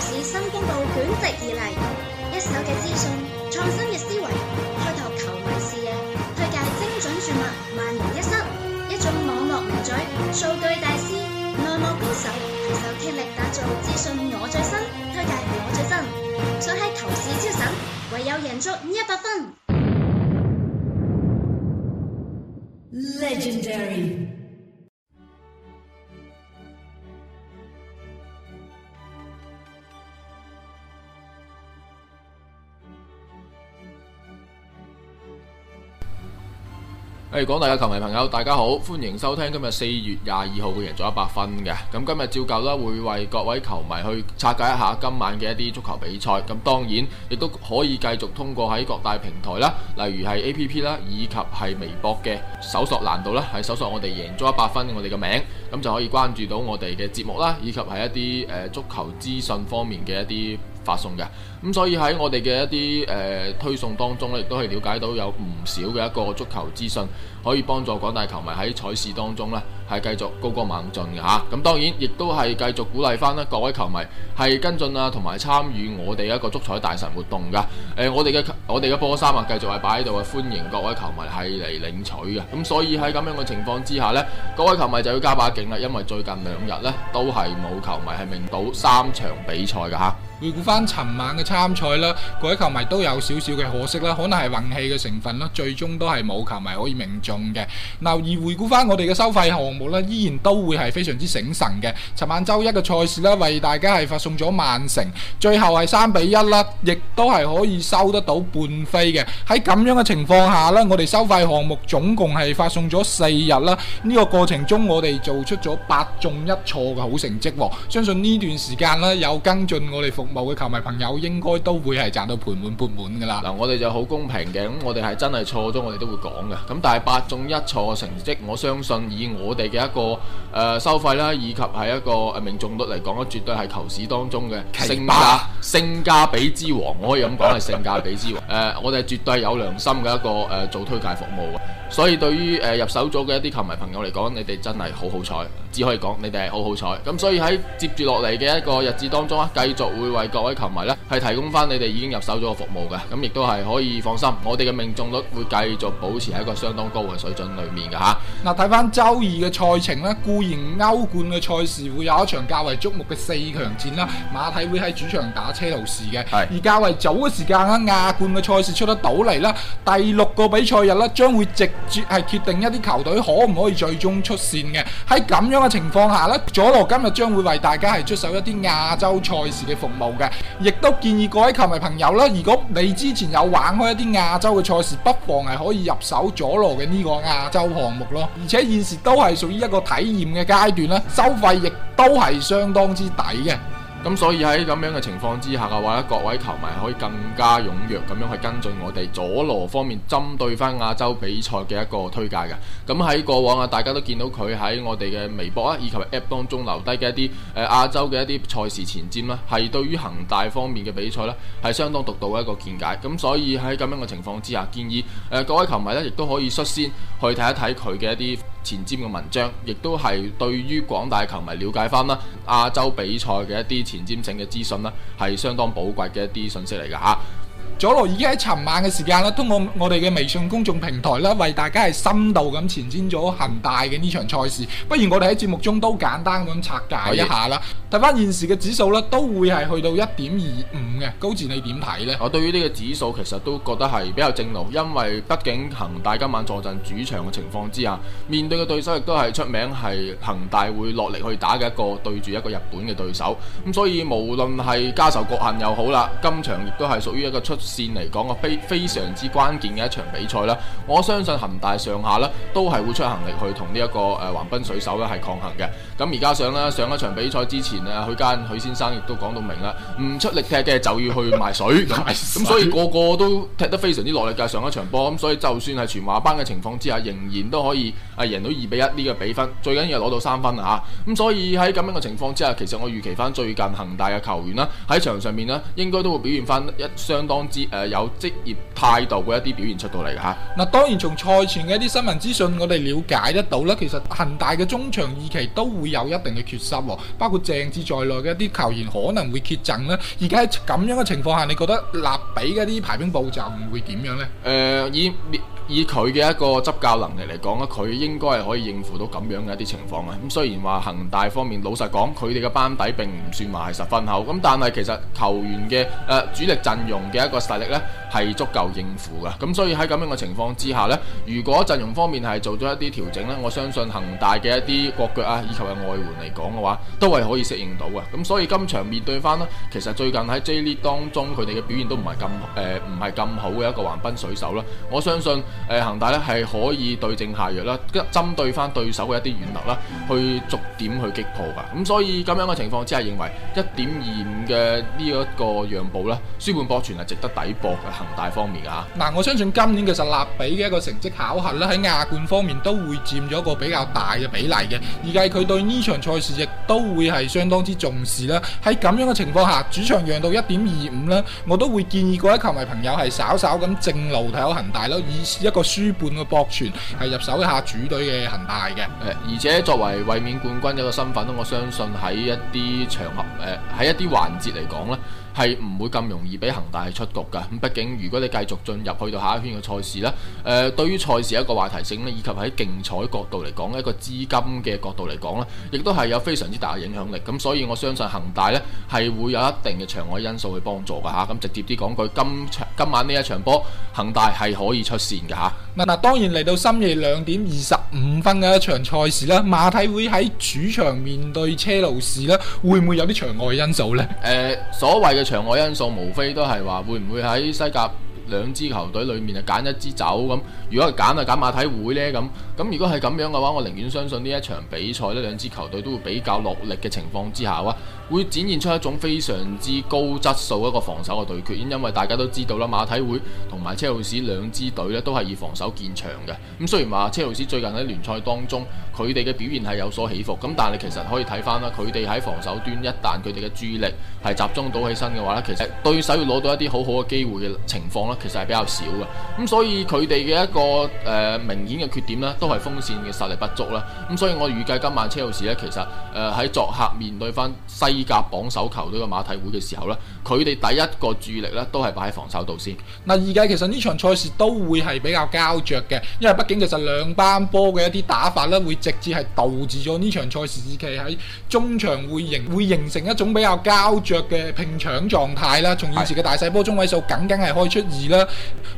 市新風暴捲席而嚟，一手嘅資訊，創新嘅思維，開拓球迷視野，推介精準注物，萬無一失。一種網絡名嘴，數據大師，內幕高手，携手傾力打造資訊我最新，推介我最真，想喺球市超神，唯有贏足一百分。Legendary。廣大嘅球迷朋友，大家好，歡迎收聽今日四月廿二號嘅贏足 100FUN 嘅。咁今日照舊啦，會為各位球迷去拆解一下今晚嘅一啲足球比賽。咁當然亦都可以繼續通過喺各大平台啦，例如系 A P P 啦，以及系微博嘅搜索難度啦，係搜索我哋贏足 100FUN 我哋嘅名，咁就可以關注到我哋嘅節目啦，以及係一啲誒足球資訊方面嘅一啲。發送嘅咁，所以喺我哋嘅一啲誒、呃、推送當中咧，亦都係了解到有唔少嘅一個足球資訊，可以幫助廣大球迷喺賽事當中呢係繼續高歌猛進嘅吓。咁、嗯、當然亦都係繼續鼓勵翻啦，各位球迷係跟進啦、啊，同埋參與我哋一個足彩大神活動噶誒、呃，我哋嘅我哋嘅波衫啊，繼續係擺喺度啊，歡迎各位球迷係嚟領取嘅。咁、嗯、所以喺咁樣嘅情況之下呢，各位球迷就要加把勁啦，因為最近兩日呢都係冇球迷係命到三場比賽嘅吓。回顧翻尋晚嘅參賽啦，各位球迷都有少少嘅可惜啦，可能係運氣嘅成分啦，最終都係冇球迷可以命中嘅。嗱，而回顧翻我哋嘅收費項目呢，依然都會係非常之醒神嘅。尋晚周一嘅賽事呢，為大家係發送咗曼城，最後係三比一啦，亦都係可以收得到半飛嘅。喺咁樣嘅情況下呢，我哋收費項目總共係發送咗四日啦。呢個過程中，我哋做出咗八中一錯嘅好成績喎。相信呢段時間呢，有跟進我哋服務。某啲球迷朋友應該都會係賺到盆滿缽滿噶啦，嗱，我哋就好公平嘅，咁我哋係真係錯咗，我哋都會講嘅，咁但係八中一錯嘅成績，我相信以我哋嘅一個誒、呃、收費啦，以及係一個誒命中率嚟講，絕對係球市當中嘅性價性價比之王，我可以咁講係性價比之王。誒、 呃，我哋係絕對有良心嘅一個誒、呃、做推介服務，所以對於誒、呃、入手咗嘅一啲球迷朋友嚟講，你哋真係好好彩。只可以講你哋係好好彩，咁所以喺接住落嚟嘅一個日子當中啊，繼續會為各位球迷咧係提供翻你哋已經入手咗嘅服務嘅，咁亦都係可以放心，我哋嘅命中率會繼續保持喺一個相當高嘅水準裏面嘅吓。嗱，睇翻週二嘅賽程呢，固然歐冠嘅賽事會有一場較為矚目嘅四強戰啦，馬體會喺主場打車路士嘅，而較為早嘅時間啦，亞冠嘅賽事出得到嚟啦，第六個比賽日呢，將會直接係決定一啲球隊可唔可以最終出線嘅，喺咁樣。咁，情況下咧，佐羅今日將會為大家係出手一啲亞洲賽事嘅服務嘅，亦都建議各位球迷朋友啦。如果你之前有玩開一啲亞洲嘅賽事，不妨係可以入手佐羅嘅呢個亞洲項目咯，而且現時都係屬於一個體驗嘅階段啦，收費亦都係相當之抵嘅。咁所以喺咁樣嘅情況之下嘅話呢，各位球迷可以更加踴躍咁樣去跟進我哋佐羅方面針對翻亞洲比賽嘅一個推介嘅。咁喺過往啊，大家都見到佢喺我哋嘅微博啊，以及 App 當中留低嘅一啲、呃、亞洲嘅一啲賽事前瞻啦、啊，係對於恒大方面嘅比賽呢係相當獨到嘅一個見解。咁所以喺咁樣嘅情況之下，建議、呃、各位球迷咧亦都可以率先去睇一睇佢嘅一啲。前瞻嘅文章，亦都係對於廣大球迷了解翻啦亞洲比賽嘅一啲前瞻性嘅資訊啦，係相當寶貴嘅一啲信息嚟㗎嚇。佐羅已經喺尋晚嘅時間啦，通過我哋嘅微信公眾平台啦，為大家係深度咁前瞻咗恒大嘅呢場賽事。不如我哋喺節目中都簡單咁拆解一下啦。睇翻現時嘅指數咧，都會係去到一點二五嘅高志，你點睇呢？我對於呢個指數其實都覺得係比較正路，因為畢竟恒大今晚坐鎮主場嘅情況之下，面對嘅對手亦都係出名係恒大會落力去打嘅一個對住一個日本嘅對手。咁所以無論係家仇國恨又好啦，今場亦都係屬於一個出線嚟講非非常之關鍵嘅一場比賽啦，我相信恒大上下都係會出行，力去同呢一個誒橫濱水手咧係抗衡嘅。咁而家上上一場比賽之前啊，許間許先生亦都講到明啦，唔出力踢嘅就要去賣水咁， 這樣 所以個個都踢得非常之落力嘅上一場波。咁所以就算係全華班嘅情況之下，仍然都可以係贏到二比一呢個比分，最緊要攞到三分吓咁、啊、所以喺咁樣嘅情況之下，其實我預期翻最近恒大嘅球員啦，喺場上面咧應該都會表現翻一相當之。誒、呃，有職業態度嘅一啲表現出到嚟嘅吓。嗱、啊，當然從賽前嘅一啲新聞資訊，我哋了解得到啦。其實恒大嘅中場二期都會有一定嘅缺失喎，包括鄭智在內嘅一啲球員可能會缺陣咧。而家喺咁樣嘅情況下，你覺得立比嘅一啲排兵佈陣會點樣呢？誒、呃，以。以以佢嘅一個執教能力嚟講，佢應該係可以應付到咁樣嘅一啲情況啊。咁雖然話恒大方面老實講，佢哋嘅班底並唔算係十分厚，咁但係其實球員嘅、呃、主力陣容嘅一個實力呢，係足夠應付噶，咁所以喺咁樣嘅情況之下呢，如果陣容方面係做咗一啲調整呢，我相信恒大嘅一啲國腳啊，以及嘅外援嚟講嘅話，都係可以適應到嘅。咁所以今場面對翻呢，其實最近喺 J League 當中佢哋嘅表現都唔係咁誒，唔係咁好嘅一個橫濱水手啦。我相信誒恒、呃、大呢係可以對症下藥啦，針對翻對手嘅一啲軟肋啦，去逐點去擊破㗎。咁所以咁樣嘅情況之下，認為一點二五嘅呢一個讓步呢，輸盤博全係值得抵博㗎。恒大方面啊，嗱、啊，我相信今年其實立比嘅一個成績考核咧，喺亞冠方面都會佔咗一個比較大嘅比例嘅，預計佢對呢場賽事亦都會係相當之重視啦。喺咁樣嘅情況下，主場讓到一點二五咧，我都會建議各位球迷朋友係稍稍咁正，正路睇好恒大咯，以一個輸半嘅博傳係入手一下主隊嘅恒大嘅。誒，而且作為衛冕冠軍嘅一個身份啦，我相信喺一啲場合誒，喺一啲環節嚟講咧。係唔會咁容易俾恒大出局㗎，咁，畢竟如果你繼續進入去到下一圈嘅賽事咧，誒、呃、對於賽事一個話題性咧，以及喺競彩角度嚟講，一個資金嘅角度嚟講呢亦都係有非常之大嘅影響力。咁所以我相信恒大呢係會有一定嘅場外因素去幫助㗎嚇。咁、啊、直接啲講句，今今晚呢一場波，恒大係可以出線㗎嚇。嗱、啊、嗱，當然嚟到深夜兩點二十五分嘅一場賽事咧，馬體會喺主場面對車路士呢會唔會有啲場外嘅因素呢？誒、呃、所謂。場外因素無非都係話會唔會喺西甲，兩支球隊裡面啊，揀一支走咁。如果係揀啊，揀馬體會呢。咁。咁如果係咁樣嘅話，我寧願相信呢一場比賽呢，兩支球隊都會比較落力嘅情況之下啊，會展現出一種非常之高質素一個防守嘅對決。因因為大家都知道啦，馬體會同埋車路士兩支隊呢，都係以防守見長嘅。咁雖然話車路士最近喺聯賽當中佢哋嘅表現係有所起伏，咁但係其實可以睇返啦，佢哋喺防守端一旦佢哋嘅注意力係集中到起身嘅話咧，其實對手要攞到一啲好好嘅機會嘅情況咧。其實係比較少嘅，咁所以佢哋嘅一個誒、呃、明顯嘅缺點呢，都係鋒線嘅實力不足啦。咁所以我預計今晚車路士呢，其實誒喺、呃、作客面對翻西甲榜首球隊嘅馬體會嘅時候呢，佢哋第一個注意力呢，都係擺喺防守度先。嗱，預計其實呢場賽事都會係比較膠着嘅，因為畢竟其實兩班波嘅一啲打法呢，會直接係導致咗呢場賽事時期喺中場會形會形成一種比較膠着嘅拼搶狀態啦。從現時嘅大細波中位數，僅僅係開出二。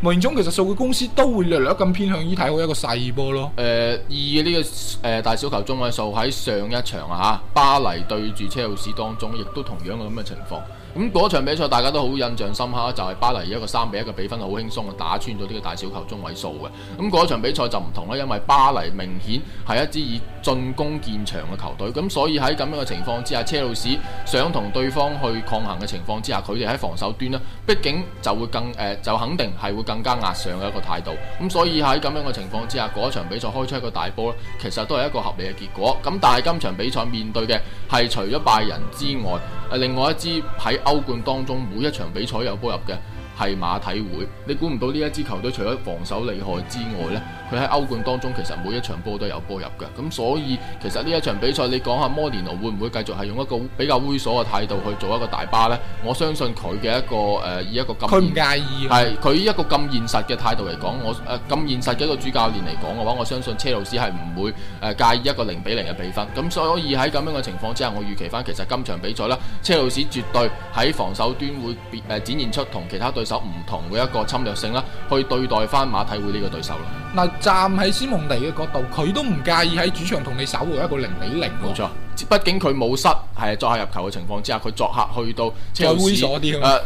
無形中，其實數據公司都會略略咁偏向於睇好一個細波咯。誒、呃，而呢個誒大小球中位數喺上一場啊，巴黎對住車路士當中，亦都同樣嘅咁嘅情況。咁嗰場比賽大家都好印象深刻，就係、是、巴黎一個三比一嘅比分好輕鬆啊，打穿咗呢個大小球中位數嘅。咁嗰場比賽就唔同啦，因為巴黎明顯係一支以進攻見長嘅球隊，咁所以喺咁樣嘅情況之下，車路士想同對方去抗衡嘅情況之下，佢哋喺防守端呢，畢竟就會更、呃、就肯定係會更加壓上嘅一個態度。咁所以喺咁樣嘅情況之下，嗰場比賽開出一個大波，其實都係一個合理嘅結果。咁但係今場比賽面對嘅係除咗拜仁之外，另外一支喺歐冠當中每一場比賽有波入嘅係馬體會，你估唔到呢一支球隊除咗防守厲害之外呢？佢喺歐冠當中其實每一場波都有波入嘅，咁所以其實呢一場比賽你講下摩連奴會唔會繼續係用一個比較猥瑣嘅態度去做一個大巴呢？我相信佢嘅一個誒、呃、以一個咁佢唔介意係佢一個咁現實嘅態度嚟講，我誒咁現實嘅一個主教練嚟講嘅話，我相信車路士係唔會誒、呃、介意一個零比零嘅比分。咁所以喺咁樣嘅情況之下，我預期翻其實今場比賽啦，車路士絕對喺防守端會誒展現出同其他對手唔同嘅一個侵略性啦，去對待翻馬體會呢個對手啦。站喺斯蒙尼嘅角度，佢都唔介意喺主場同你守和一個零比零。冇錯，畢竟佢冇失，係作客入球嘅情況之下，佢作客去到車路士。誒、呃，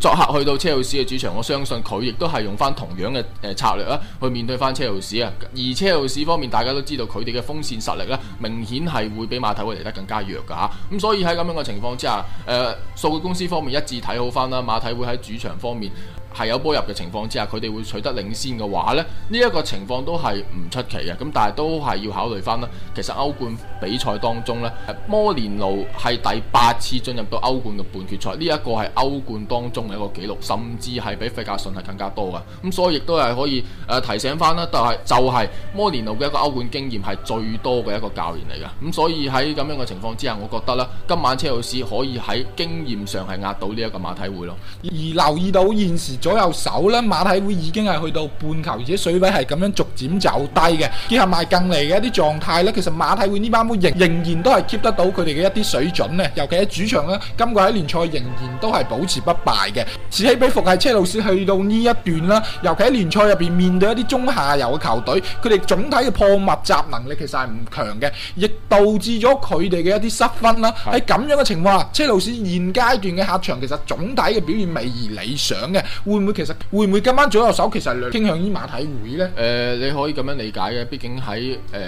作客去到車路士嘅主場，我相信佢亦都係用翻同樣嘅誒策略啊，去面對翻車路士啊。而車路士方面，大家都知道佢哋嘅鋒線實力咧，明顯係會比馬體會嚟得更加弱㗎嚇。咁所以喺咁樣嘅情況之下，誒、呃，數據公司方面一致睇好翻啦，馬體會喺主場方面。係有波入嘅情況之下，佢哋會取得領先嘅話咧，呢一個情況都係唔出奇嘅。咁但係都係要考慮翻啦。其實歐冠比賽當中呢，摩連奴係第八次進入到歐冠嘅半決賽，呢一個係歐冠當中嘅一個紀錄，甚至係比費格遜係更加多嘅。咁所以亦都係可以誒提醒翻啦。但係就係摩連奴嘅一個歐冠經驗係最多嘅一個教練嚟嘅。咁所以喺咁樣嘅情況之下，我覺得呢，今晚車路士可以喺經驗上係壓到呢一個馬體會咯。而留意到現時。左右手啦，馬體會已經係去到半球，而且水位係咁樣逐漸走低嘅。結合埋近嚟嘅一啲狀態咧，其實馬體會呢班杯仍，仍然都係 keep 得到佢哋嘅一啲水準咧。尤其喺主場啦，今季喺聯賽仍然都係保持不敗嘅。此起彼伏係車路士去到呢一段啦，尤其喺聯賽入邊面，面對一啲中下游嘅球隊，佢哋總體嘅破密集能力其實係唔強嘅，亦導致咗佢哋嘅一啲失分啦。喺咁樣嘅情況下，車路士現階段嘅客場其實總體嘅表現未而理想嘅。會唔會其實會唔會今晚左右手其實兩傾向於馬體會呢？誒、呃，你可以咁樣理解嘅，畢竟喺誒、呃、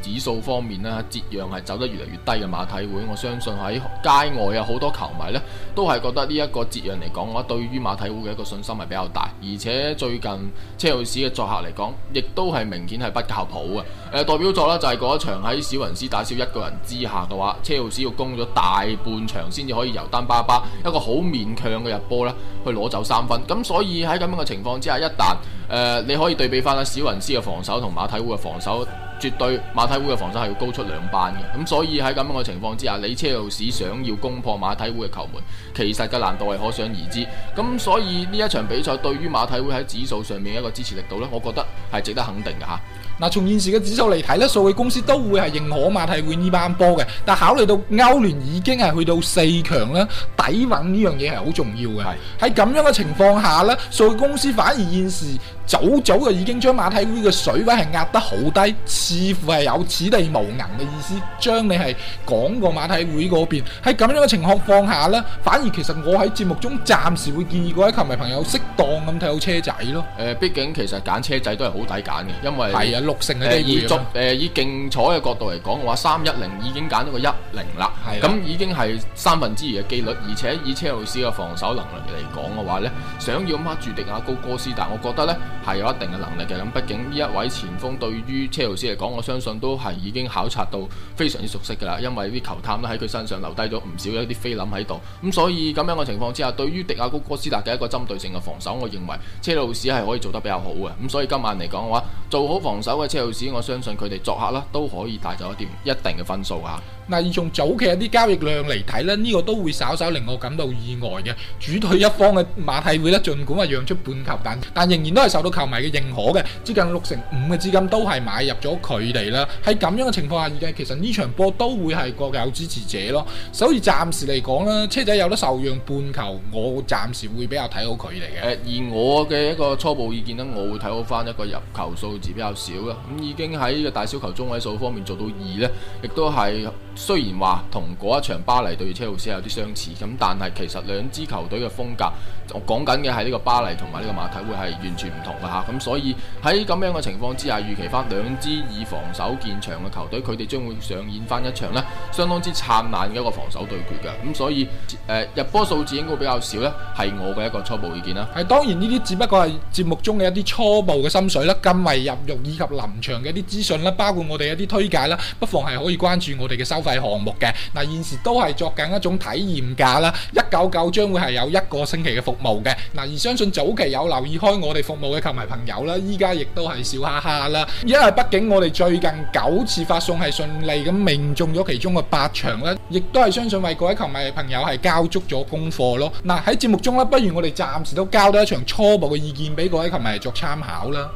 指數方面啦，折讓係走得越嚟越低嘅馬體會，我相信喺街外有好多球迷呢，都係覺得呢一個折讓嚟講嘅話，對於馬體會嘅一個信心係比較大，而且最近車路士嘅作客嚟講，亦都係明顯係不靠譜嘅。誒、呃，代表作呢，就係、是、嗰一場喺史雲斯打少一個人之下嘅話，車路士要攻咗大半場先至可以由丹巴巴一個好勉強嘅入波呢，去攞走三分。咁所以喺咁樣嘅情況之下，一旦誒、呃、你可以對比翻，啦，史雲斯嘅防守同馬體會嘅防守，絕對馬體會嘅防守係要高出兩班嘅。咁所以喺咁樣嘅情況之下，你車路士想要攻破馬體會嘅球門，其實嘅難度係可想而知。咁所以呢一場比賽對於馬體會喺指數上面一個支持力度咧，我覺得係值得肯定嘅吓。嗱，從現時嘅指數嚟睇咧，數據公司都會係認可馬體會呢班波嘅，但考慮到歐聯已經係去到四強啦，底蘊呢樣嘢係好重要嘅。係喺咁樣嘅情況下咧，數據公司反而現時早早就已經將馬體會嘅水位係壓得好低，似乎係有此地無銀嘅意思，將你係講過馬體會嗰邊。喺咁樣嘅情況放下咧，反而其實我喺節目中暫時會建議各位球迷朋友適當咁睇好車仔咯。誒、呃，畢竟其實揀車仔都係好抵揀嘅，因為係啊。六成的的以足誒、呃、以競彩嘅角度嚟講嘅話，三一零已經揀咗個一零啦，咁已經係三分之二嘅幾率，而且以車路士嘅防守能力嚟講嘅話咧，想要握住迪亞高哥斯達，我覺得咧係有一定嘅能力嘅。咁畢竟呢一位前鋒對於車路士嚟講，我相信都係已經考察到非常之熟悉㗎啦，因為啲球探都喺佢身上留低咗唔少一啲菲林喺度。咁所以咁樣嘅情況之下，對於迪亞高哥斯達嘅一個針對性嘅防守，我認為車路士係可以做得比較好嘅。咁所以今晚嚟講嘅話，做好防守。嗰個車路士，我相信佢哋作客啦，都可以帶走一啲一定嘅分數嚇。嗱，而從早期一啲交易量嚟睇咧，呢個都會稍稍令我感到意外嘅。主隊一方嘅馬體會咧，儘管話讓出半球，但但仍然都係受到球迷嘅認可嘅，接近六成五嘅資金都係買入咗佢哋啦。喺咁樣嘅情況下，而家其實呢場波都會係各有支持者咯。所以暫時嚟講咧，車仔有得受讓半球，我暫時會比較睇好佢哋嘅。而我嘅一個初步意見咧，我會睇好翻一個入球數字比較少啦。咁已經喺個大小球中位數方面做到二咧，亦都係。雖然話同嗰一場巴黎對車路士有啲相似，咁但係其實兩支球隊嘅風格，我講緊嘅係呢個巴黎同埋呢個馬體會係完全唔同嘅嚇，咁所以喺咁樣嘅情況之下，預期翻兩支以防守見長嘅球隊，佢哋將會上演翻一場咧相當之燦爛嘅一個防守對決嘅，咁所以誒、呃、入波數字應該會比較少咧，係我嘅一個初步意見啦。係當然呢啲只不過係節目中嘅一啲初步嘅心水啦，更為入獄以及臨場嘅一啲資訊啦，包括我哋一啲推介啦，不妨係可以關注我哋嘅收費項目嘅嗱，現時都係作緊一種體驗價啦。一九九將會係有一個星期嘅服務嘅嗱，而相信早期有留意開我哋服務嘅球迷朋友啦，依家亦都係笑哈哈啦，因為畢竟我哋最近九次發送係順利咁命中咗其中嘅八場啦，亦都係相信為各位球迷朋友係交足咗功課咯。嗱，喺節目中啦，不如我哋暫時都交多一場初步嘅意見俾各位球迷作參考啦。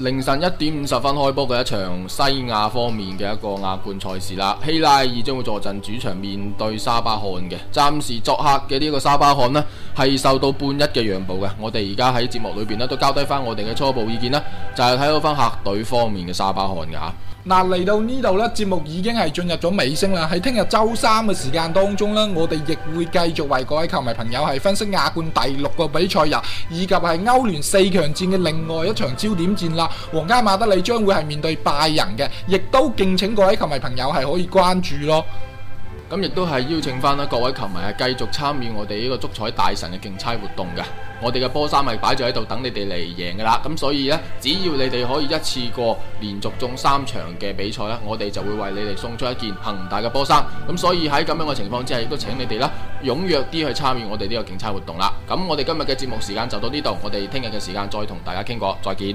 凌晨一點五十分開波嘅一場西亞方面嘅一個亞冠賽事啦，希拉爾將會坐陣主場面對沙巴漢嘅，暫時作客嘅呢個沙巴漢呢，係受到半一嘅讓步嘅，我哋而家喺節目裏邊呢都交低翻我哋嘅初步意見啦，就係睇到翻客隊方面嘅沙巴漢嘅吓。嗱，嚟到呢度咧，節目已經係進入咗尾聲啦。喺聽日周三嘅時間當中咧，我哋亦會繼續為各位球迷朋友係分析亞冠第六個比賽日，以及係歐聯四強戰嘅另外一場焦點戰啦。皇家馬德里將會係面對拜仁嘅，亦都敬請各位球迷朋友係可以關注咯。咁亦都係邀請翻各位球迷係繼續參與我哋呢個足彩大神嘅競猜活動嘅。我哋嘅波衫係擺咗喺度等你哋嚟贏噶啦。咁所以呢，只要你哋可以一次過連續中三場嘅比賽呢，我哋就會為你哋送出一件恆大嘅波衫。咁所以喺咁樣嘅情況之下，亦都請你哋啦踴躍啲去參與我哋呢個競猜活動啦。咁我哋今日嘅節目時間就到呢度，我哋聽日嘅時間再同大家傾過，再見。